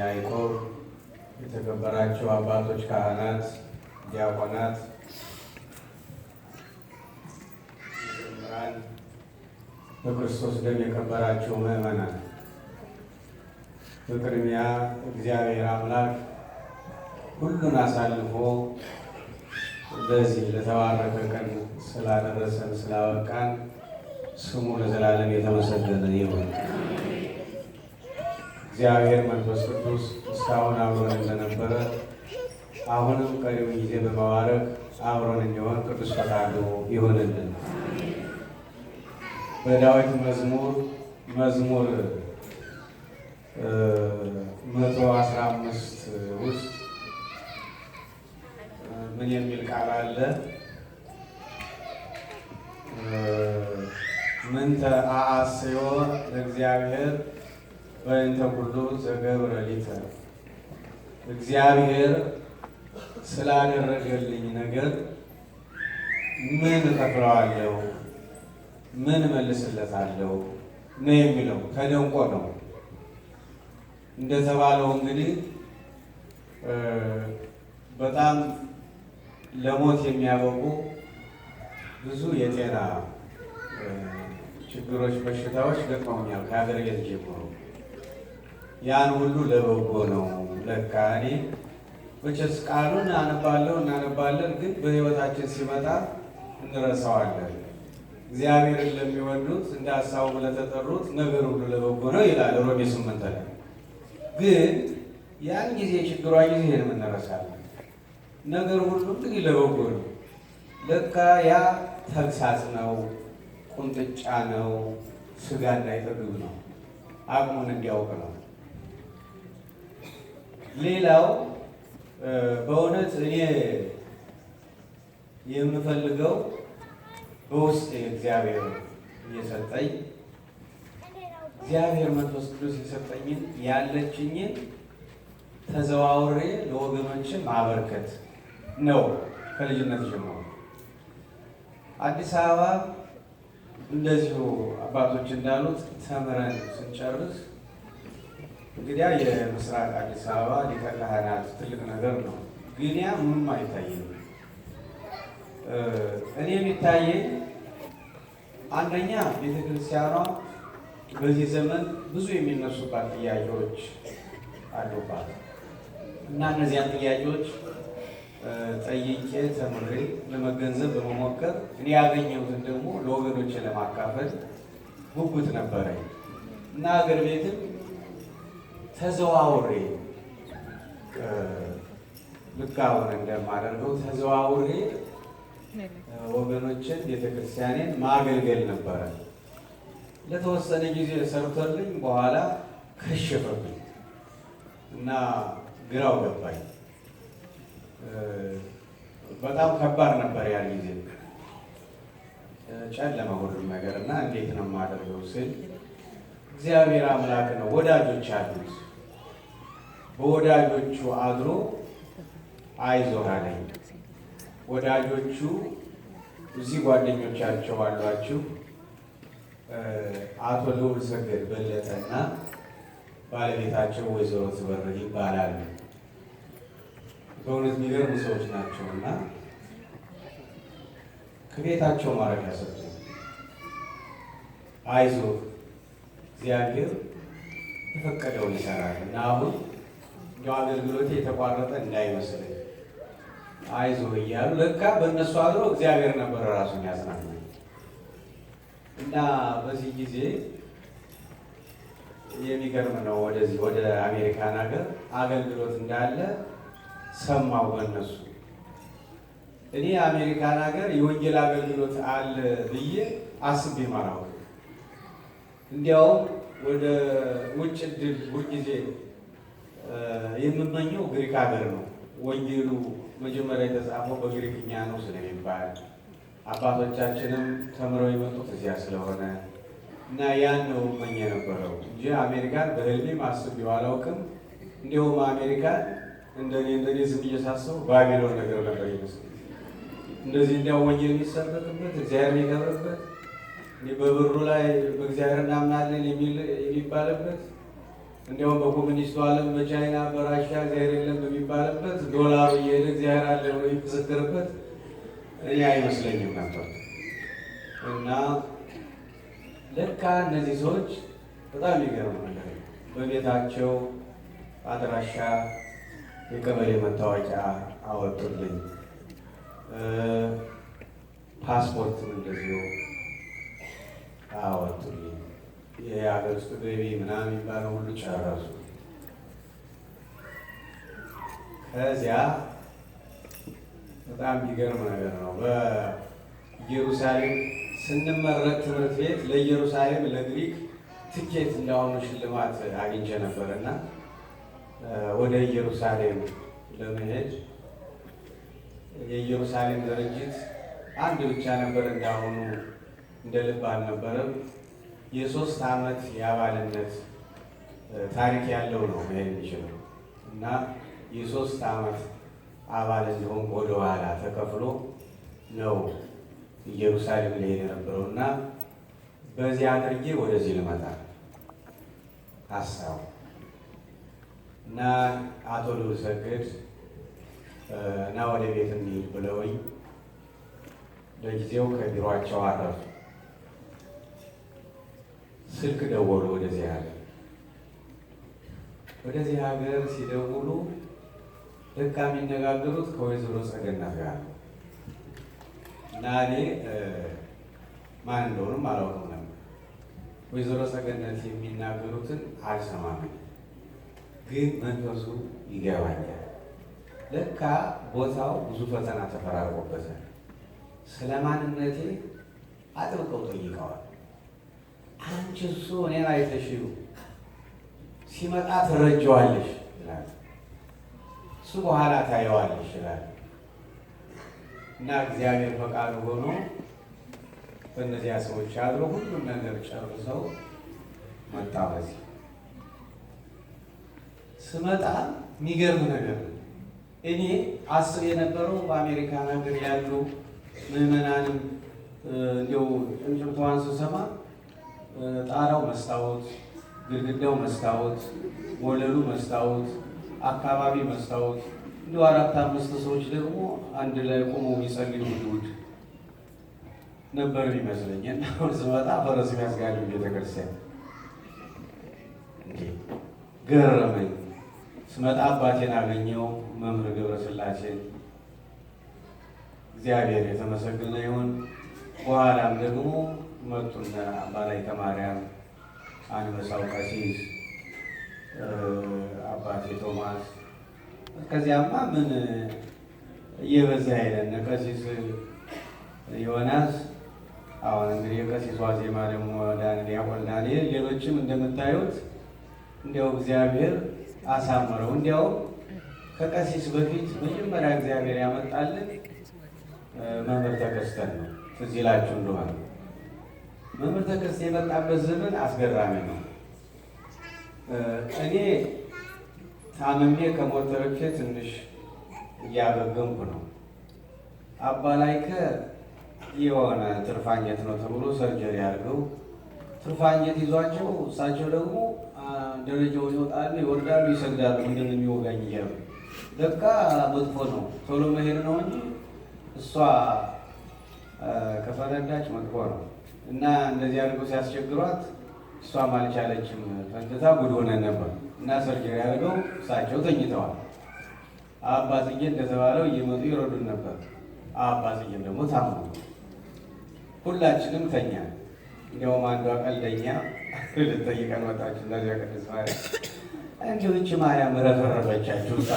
ያዕቆብ፣ የተከበራቸው አባቶች፣ ካህናት፣ ዲያቆናት፣ ምራን በክርስቶስ ደም የከበራቸው ምእመናን። በቅድሚያ እግዚአብሔር አምላክ ሁሉን አሳልፎ በዚህ ለተባረከ ቀን ስላደረሰን ስላበቃን ስሙ ለዘላለም የተመሰገነ ይሁን። እግዚአብሔር መንፈስ ቅዱስ እስካሁን አብሮን እንደነበረ አሁንም ቀሪውን ጊዜ በመባረክ አብሮን እንዲሆን ቅዱስ ፈቃዱ ይሆንልን። በዳዊት መዝሙር መዝሙር መቶ አስራ አምስት ውስጥ ምን የሚል ቃል አለ? ምንተ አአስዮ ለእግዚአብሔር በእንተ ኩሉ ዘገብረ ሊተ እግዚአብሔር ስላደረገልኝ ነገር ምን እከፍለዋለሁ? ምን መልስለታለሁ ነው የሚለው። ተደንቆ ነው እንደተባለው እንግዲህ በጣም ለሞት የሚያበቁ ብዙ የጤና ችግሮች፣ በሽታዎች ገጥመውኛል ከሀገር ቤት ጀምሮ ያን ሁሉ ለበጎ ነው። ለካ እኔ መቼስ ቃሉን አነባለሁ እናነባለን፣ ግን በህይወታችን ሲመጣ እንረሳዋለን። እግዚአብሔርን ለሚወዱት እንደ ሀሳቡ ለተጠሩት ነገር ሁሉ ለበጎ ነው ይላል ሮሜ ስምንት ላይ። ግን ያን ጊዜ ችግሯ ጊዜ ነው እንረሳለን። ነገር ሁሉ እንግዲህ ለበጎ ነው። ለካ ያ ተግሳጽ ነው፣ ቁንጥጫ ነው፣ ስጋ እንዳይጠግብ ነው፣ አቅሙን እንዲያውቅ ነው። ሌላው በእውነት እኔ የምፈልገው በውስጥ እግዚአብሔር እየሰጠኝ እግዚአብሔር መንፈስ ቅዱስ የሰጠኝን ያለችኝን ተዘዋውሬ ለወገኖችን ማበርከት ነው። ከልጅነት ጀምሮ አዲስ አበባ እንደዚሁ አባቶች እንዳሉት ተምረን ስንጨርስ እንግዲያ የምስራቅ አዲስ አበባ ሊቀ ካህናት ትልቅ ነገር ነው። ግንያ ምንም አይታየም። እኔ የሚታየኝ አንደኛ ቤተክርስቲያኗ በዚህ ዘመን ብዙ የሚነሱባት ጥያቄዎች አሉባት እና እነዚያን ጥያቄዎች ጠይቄ ተምሬ ለመገንዘብ በመሞከር እኔ ያገኘሁትን ደግሞ ለወገኖቼ ለማካፈል ጉጉት ነበረኝ እና ሀገር ቤትም ተዘዋውሬ ልክ አሁን እንደማደርገው ተዘዋውሬ ወገኖችን ቤተክርስቲያኔን ማገልገል ነበረ። ለተወሰነ ጊዜ ሰርቶልኝ በኋላ ከሸፈብኝ እና ግራው ገባኝ። በጣም ከባድ ነበር ያን ጊዜ ጨለመ ሁሉም ነገር እና እንዴት ነው የማደርገው ስል እግዚአብሔር አምላክ ነው ወዳጆች አሉት በወዳጆቹ አድሮ አይዞህ አለኝ። ወዳጆቹ እዚህ ጓደኞቻቸው አሏችሁ አቶ ልዑል ሰገድ በለጠ በለጠና ባለቤታቸው ወይዘሮ ትበር ይባላሉ። በእውነት የሚገርሙ ሰዎች ናቸው ናቸውና ከቤታቸው ማረፊያ ሰጡ። አይዞህ እግዚአብሔር የፈቀደውን ይሰራል እና አሁን እንዲያው አገልግሎት የተቋረጠ እንዳይመስለኝ አይዞ እያሉ ለካ በእነሱ አድሮ እግዚአብሔር ነበር ራሱን ያጽናናኝ እና በዚህ ጊዜ የሚገርም ነው። ወደዚህ ወደ አሜሪካን ሀገር አገልግሎት እንዳለ ሰማው በእነሱ። እኔ አሜሪካን ሀገር የወንጌል አገልግሎት አለ ብዬ አስቤ ማራሁ። እንዲያውም ወደ ውጭ እድል ሁልጊዜ የምመኘው ግሪክ ሀገር ነው። ወንጌሉ መጀመሪያ የተጻፈው በግሪክኛ ነው ስለሚባል አባቶቻችንም ተምረው የመጡት እዚያ ስለሆነ እና ያን ነው እመኝ የነበረው እንጂ አሜሪካን በህልሜ ማስብ አላውቅም። እንዲሁም አሜሪካን እንደኔ እንደኔ ዝም እየሳሰቡ ባቢሎን ነገር ነበር ይመስል እንደዚህ እንዲያው ወንጌል የሚሰበክበት እግዚአብሔር የሚከብርበት በብሩ ላይ በእግዚአብሔር እናምናለን የሚባልበት እንዲያውም በኮሚኒስቱ ዓለም በቻይና በራሻ እግዚአብሔር የለም በሚባልበት ዶላሩ እየሄደ እግዚአብሔር አለ ብሎ የሚመሰክርበት እኔ አይመስለኝም ነበር እና ለካ እነዚህ ሰዎች በጣም የሚገርም ነገር በቤታቸው አድራሻ የቀበሌ መታወቂያ አወጡልኝ፣ ፓስፖርትም እንደዚሁ አወጡልኝ። የሀገር ውስጥ ገቢ ምናምን የሚባለው ሁሉ ጨረሱ። ከዚያ በጣም የሚገርም ነገር ነው። በኢየሩሳሌም ስንመረቅ ትምህርት ቤት ለኢየሩሳሌም ለግሪክ ትኬት እንዳሁኑ ሽልማት አግኝቼ ነበር እና ወደ ኢየሩሳሌም ለመሄድ የኢየሩሳሌም ድርጅት አንድ ብቻ ነበር። እንዳሁኑ እንደ ልብ አልነበረም። የሶስት ዓመት የአባልነት ታሪክ ያለው ነው መሄድ የሚችለው እና የሶስት ዓመት አባል እንዲሆን ወደ ኋላ ተከፍሎ ነው ኢየሩሳሌም ላይ የነበረው እና በዚህ አድርጌ ወደዚህ ልመጣ ሀሳቡ እና አቶ ልብሰግድ እና ወደ ቤት እንሂድ ብለውኝ ለጊዜው ከቢሯቸው አረፉ። ስልክ ደወሉ። ወደዚህ ሀገር ወደዚህ ሀገር ሲደውሉ ልካ የሚነጋገሩት ከወይዘሮ ጸገናት ጋር ነው እና እኔ ማን እንደሆኑም አላውቅም ነበር። ወይዘሮ ጸገነት የሚናገሩትን አልሰማም፣ ግን መንፈሱ ይገባኛል። ልካ ቦታው ብዙ ፈተና ተፈራርቆበታል። ስለ ማንነቴ አጥብቀው ጠይቀዋል። አንቺ እሱ እኔን አይተሽ ሲመጣ ትረጀዋለሽ ይላል። እሱ በኋላ ታየዋለሽ ይላል። እና እግዚአብሔር ፈቃዱ ሆኖ በእነዚያ ሰዎች አድሮ ሁሉም ነገር ጨርሰው መጣ። በዚህ ስመጣ የሚገርም ነገር ነው። እኔ አስብ የነበረው በአሜሪካን ሀገር ያሉ ምዕመናንም እንዲያው ጭምጭምታዋን ስሰማ ጣራው መስታወት፣ ግድግዳው መስታወት፣ ወለሉ መስታወት፣ አካባቢ መስታወት እንዲሁ አራት አምስት ሰዎች ደግሞ አንድ ላይ ቆሞ የሚጸልዩ ልውድ ነበር ይመስለኝ። አሁን ስመጣ ፈረስ ያስጋሉ ቤተክርስቲያን ገረመኝ። ስመጣ አባቴን አገኘው መምህር ገብረስላሴን እግዚአብሔር የተመሰገነ ይሁን። በኋላም ደግሞ መጡና አባ ላይተ ማርያም፣ አንበሳው ቀሲስ፣ አባቴ ቶማስ ከዚያማ ምን እየበዛ ሄደን ቀሲስ ዮናስ አሁን እንግዲህ የቀሲስ ዋዜማ ደግሞ ዲያቆን ዳንኤል ሌሎችም እንደምታዩት እንዲያው እግዚአብሔር አሳምረው እንዲያው ከቀሲስ በፊት መጀመሪያ እግዚአብሔር ያመጣልን መምህር ተከስተን ነው። ትዝ ይላችሁ እንደሆነ መምህር ተከስተ የመጣበት ዘመን አስገራሚ ነው። እኔ ታምሜ ከሞተሮቼ ትንሽ እያገገምኩ ነው። አባ ላይከ የሆነ ትርፋኘት ነው ተብሎ ሰርጀሪ አድርገው ትርፋኘት ይዟቸው እሳቸው ደግሞ ደረጃውን ይወጣሉ፣ ይወርዳሉ፣ ይሰግዳሉ። ምንድን የሚወጋኝ እያሉ በቃ መጥፎ ነው ቶሎ መሄድ ነው እንጂ እሷ ከፈረዳች መጥፎ ነው። እና እንደዚህ አድርጎ ሲያስቸግሯት እሷም አልቻለችም። ፈንትታ ጉድ ሆነን ነበር እና ሰርጀሪ አድርገው እሳቸው ተኝተዋል። አባ ጽጌ እንደተባለው እየመጡ ይረዱን ነበር። አባ ጽጌም ደግሞ ታሙ። ሁላችንም ተኛ። እንዲያውም አንዷ ቀልደኛ ልትጠይቀን ወጣች። እነዚያ ቅድስት ማርያም እንዲሁ ማርያም ረፈረፈቻችሁ ሳ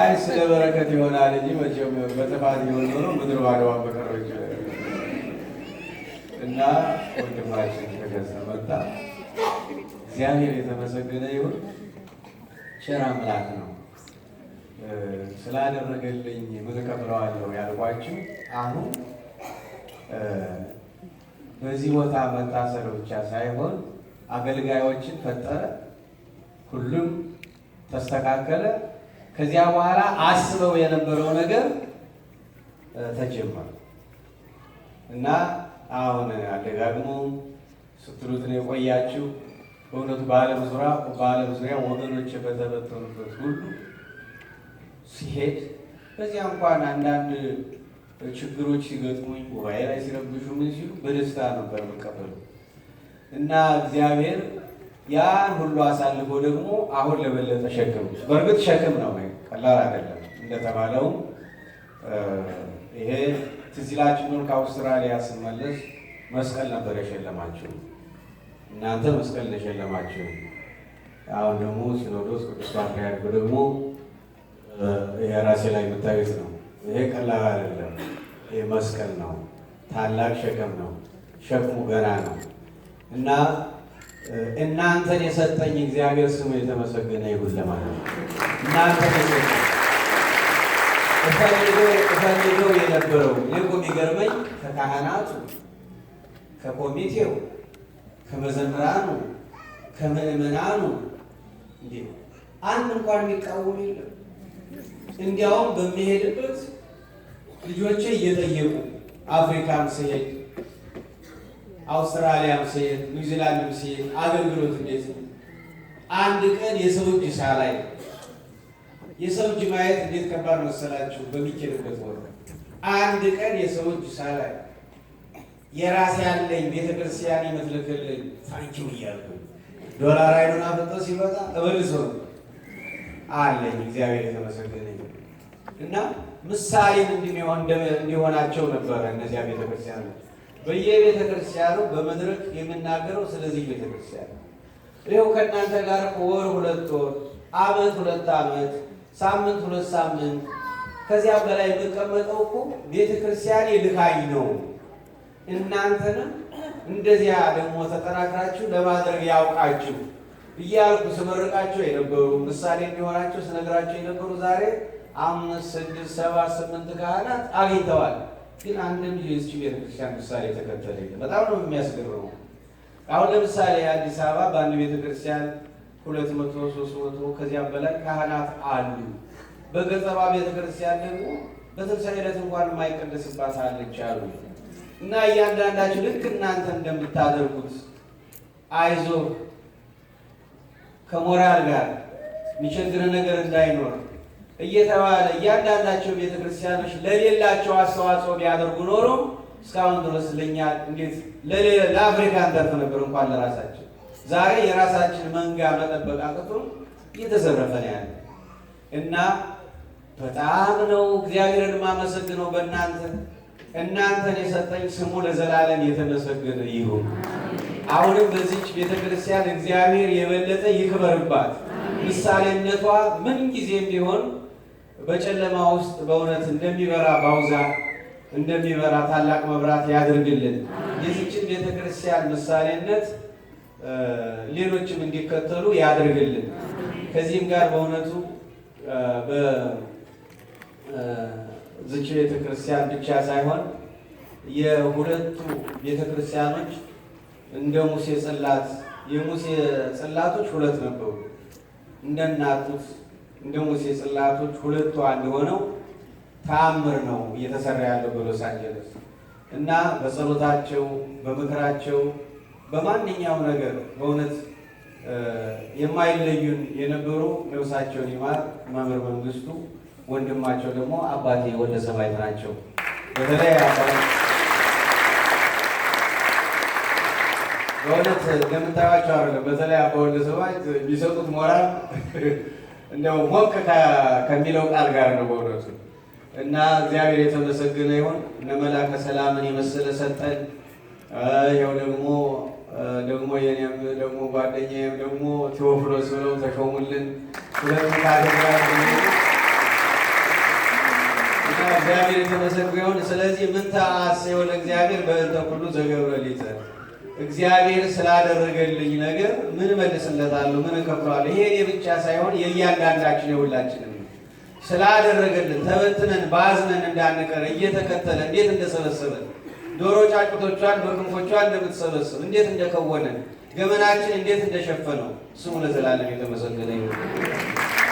አይ ስለ በረከት ይሆናል እንጂ መቼም በጥፋት ይሆን ኖሮ ምድር ባለዋ በቀረች እና ወንድማችን ከገጸ መጣ። እግዚአብሔር የተመሰገነ ይሁን። ቸር አምላክ ነው። ስላደረገልኝ ምን እከፍለዋለሁ ያልኳችሁ አሁን በዚህ ቦታ መታሰር ብቻ ሳይሆን አገልጋዮችን ፈጠረ፣ ሁሉም ተስተካከለ። ከዚያ በኋላ አስበው የነበረው ነገር ተጀመረ እና አሁን አደጋግሞ ስትሉት ነው የቆያችሁ። በእውነቱ በዓለም ዙሪያ በዓለም ዙሪያ ወገኖች በተበተኑበት ሁሉ ሲሄድ በዚያ እንኳን አንዳንድ ችግሮች ሲገጥሙኝ ጉባኤ ላይ ሲረብሹ ምን ሲሉ በደስታ ነበር የምቀበሉ እና እግዚአብሔር ያን ሁሉ አሳልፎ ደግሞ አሁን ለበለጠ ሸክም በእርግጥ ሸክም ነው፣ ቀላል አይደለም። እንደተባለው ይሄ ትዝ ከአውስትራሊያ ስመለስ መስቀል ነበር የሸለማችሁ እናንተ መስቀል እንደሸለማችሁ። አሁን ደግሞ ሲኖዶስ ቅዱስ ፓትርያርኩ ደግሞ የራሴ ላይ የምታዩት ነው። ይሄ ቀላል አይደለም። ይሄ መስቀል ነው፣ ታላቅ ሸክም ነው። ሸክሙ ገና ነው እና እናንተን የሰጠኝ እግዚአብሔር ስሙ የተመሰገነ ይሁን ለማለት ነው። እናንተን እፈልገው የነበረው እኔ የሚገርመኝ ከካህናቱ፣ ከኮሚቴው፣ ከመዘምራኑ፣ ከምዕመናኑ እንዲሁ አንድ እንኳን የሚቃወም የለም። እንዲያውም በሚሄድበት ልጆቼ እየጠየቁ አፍሪካም ስሄድ አውስትራሊያም ሲሄድ ኒውዚላንድም ሲሄድ አገልግሎት እንዴት ነው? አንድ ቀን የሰው እጅ ሳላይ የሰው እጅ ማየት እንዴት ከባድ መሰላችሁ? በሚኬድበት ወር አንድ ቀን የሰው እጅ ሳላይ የራስ ያለኝ ቤተክርስቲያን የምትልክልኝ ታንኪው እያልኩ ዶላር አይኑን አፍጦ ሲወጣ እበልሶ አለኝ። እግዚአብሔር የተመሰገነ እና ምሳሌ እንዲሆናቸው ነበረ እነዚያ ቤተክርስቲያኖች በየቤተ ክርስቲያኑ በመድረክ የምናገረው ስለዚህ ቤተ ክርስቲያን ነው። ይኸው ከእናንተ ጋር ወር ሁለት ወር፣ አመት ሁለት አመት፣ ሳምንት ሁለት ሳምንት ከዚያ በላይ የምቀመጠው እኮ ቤተ ክርስቲያን የልካኝ ነው። እናንተንም እንደዚያ ደግሞ ተጠናክራችሁ ለማድረግ ያውቃችሁ እያልኩ ስመርቃቸው የነበሩ ምሳሌ እንዲሆናቸው ስነግራቸው የነበሩ ዛሬ አምስት ስድስት ሰባት ስምንት ካህናት አግኝተዋል። ግን አንድም የዚህ ቤተክርስቲያን ምሳሌ የተከተለ የለም። በጣም ነው የሚያስገርመው። አሁን ለምሳሌ አዲስ አበባ በአንድ ቤተክርስቲያን ሁለት መቶ ሶስት መቶ ከዚያም በላይ ካህናት አሉ። በገጠሯ ቤተክርስቲያን ደግሞ በትንሣኤ ዕለት እንኳን የማይቀደስባት አለች አሉ እና እያንዳንዳችሁ ልክ እናንተ እንደምታደርጉት አይዞ ከሞራል ጋር የሚቸግርን ነገር እንዳይኖር እየተባለ እያንዳንዳቸው ቤተ ክርስቲያኖች ለሌላቸው አስተዋጽኦ ቢያደርጉ ኖሮ እስካሁን ድረስ ለእኛ እንዴት ለአፍሪካ እንተርፍ ነበር፣ እንኳን ለራሳችን። ዛሬ የራሳችን መንጋ መጠበቅ አቅቶ እየተዘረፈ ነው ያለ እና በጣም ነው እግዚአብሔርን ማመሰግነው በእናንተ እናንተን የሰጠኝ ስሙ ለዘላለም የተመሰገነ ይሁን። አሁንም በዚች ቤተ ክርስቲያን እግዚአብሔር የበለጠ ይክበርባት። ምሳሌነቷ ምን ጊዜም ቢሆን በጨለማ ውስጥ በእውነት እንደሚበራ ባውዛ እንደሚበራ ታላቅ መብራት ያድርግልን። የዚችን ቤተ ክርስቲያን ምሳሌነት ሌሎችም እንዲከተሉ ያድርግልን። ከዚህም ጋር በእውነቱ በዝች ቤተ ክርስቲያን ብቻ ሳይሆን የሁለቱ ቤተ ክርስቲያኖች እንደ ሙሴ ጽላት የሙሴ ጽላቶች ሁለት ነበሩ እንደናቱት እንደ ሙሴ ጽላቶች ሁለቱ አንድ ሆነው ተአምር ነው እየተሰራ ያለው በሎስ አንጀለስ እና በጸሎታቸው በምክራቸው በማንኛውም ነገር በእውነት የማይለዩን የነበሩ ነብሳቸውን ይማር መምህር መንግስቱ ወንድማቸው ደግሞ አባቴ ወደ ሰማዕት ናቸው። በተለይ በእውነት እንደምታዩዋቸው አለ በተለይ አባ ወደ ሰማዕት የሚሰጡት ሞራል እንደው ሞቅ ከሚለው ቃል ጋር ነው በእውነቱ እና እግዚአብሔር የተመሰገነ ይሁን። እነ መላከ ሰላምን የመሰለ ሰጠን። ይኸው ደግሞ ደግሞ የኔም ደግሞ ጓደኛዬም ደግሞ ቴዎፍሎስ ብለው ተሾሙልን። ሁለቱ እግዚአብሔር የተመሰገነ ይሁን። ስለዚህ ምን ተአሰየው ለእግዚአብሔር በእንተ ኩሉ ዘገብረ ሊተ እግዚአብሔር ስላደረገልኝ ነገር ምን መልስለታለሁ? ምን እከፍለዋለሁ? ይሄ እኔ ብቻ ሳይሆን የእያንዳንዳችን የሁላችንም ስላደረገልን ተበትነን ባዝነን እንዳንቀር እየተከተለ እንዴት እንደሰበሰበን ዶሮ ጫጭቶቿን በክንፎቿ እንደምትሰበስብ እንዴት እንደከወነን ገመናችን እንዴት እንደሸፈነው ስሙ ለዘላለም የተመሰገነ ይሁን።